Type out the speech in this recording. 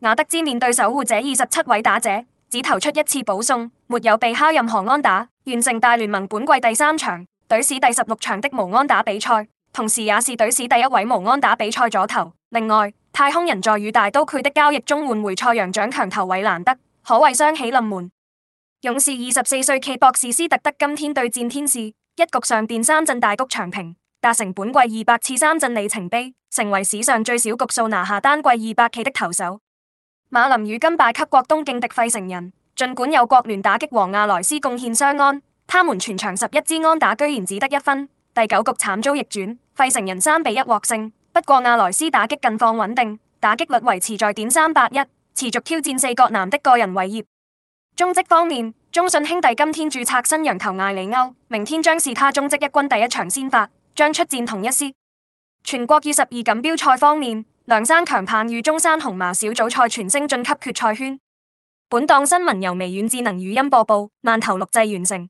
瓦德茲面對守護者二十七位打者，只投出一次保送，沒有被敲任何安打，完成大聯盟本季第三場、隊史第十六場的無安打比賽，同時也是隊史第一位無安打比賽左投。另外，太空人在與大都會的交易中換回賽揚獎強投韋蘭德，可謂雙喜臨門。勇士二十四歲期博士斯特德，德今天對戰天使，一局上電三振大谷翔平，達成本季二百次三振里程碑，成為史上最少局數拿下單季二百騎的投手。馬林與金敗給國東勁敵費城人，盡管有國聯打擊王亞萊斯貢獻相安，他們全場十一支安打居然只得一分。第九局慘遭逆轉，費城人三比一獲勝。不過亞萊斯打擊近況穩定，打擊率維持在點三八一，持續挑戰四國男的個人偉業。中職方面，中信兄弟今天注冊新洋投艾里歐，明天將是他中職一軍第一場先發，將出戰同一師。全國二十二錦標賽方面。梁山強棒與中山紅麻小組賽全勝晉級決賽圈。本檔新聞由微軟智能語音播報，饅頭錄製完成。